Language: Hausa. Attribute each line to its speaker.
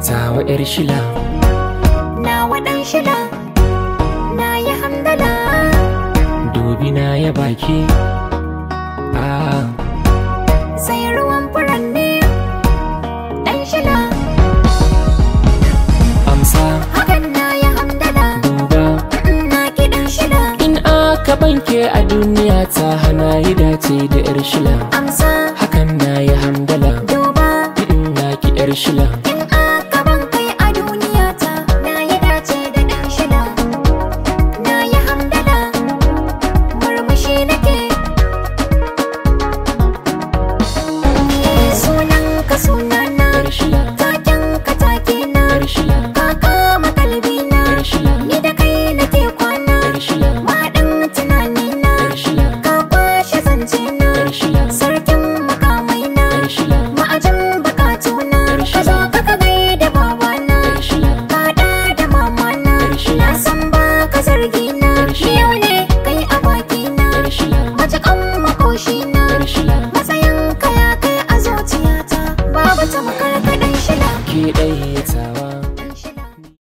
Speaker 1: Zawa yar shila
Speaker 2: na wadan shila na yi hamdala
Speaker 1: dubi na ya baki ah
Speaker 2: sai ruwan furanni dan shila amsa
Speaker 3: hakan na ya hamdala duba na kidan shila in aka banke a duniya ta hana yi dace da yar shila amsa hakan na ya hamdala duba na ki yar shila
Speaker 2: shila matsayin kaya kai a zuciyata babu tamakar kaɗan shila
Speaker 3: ki ɗaya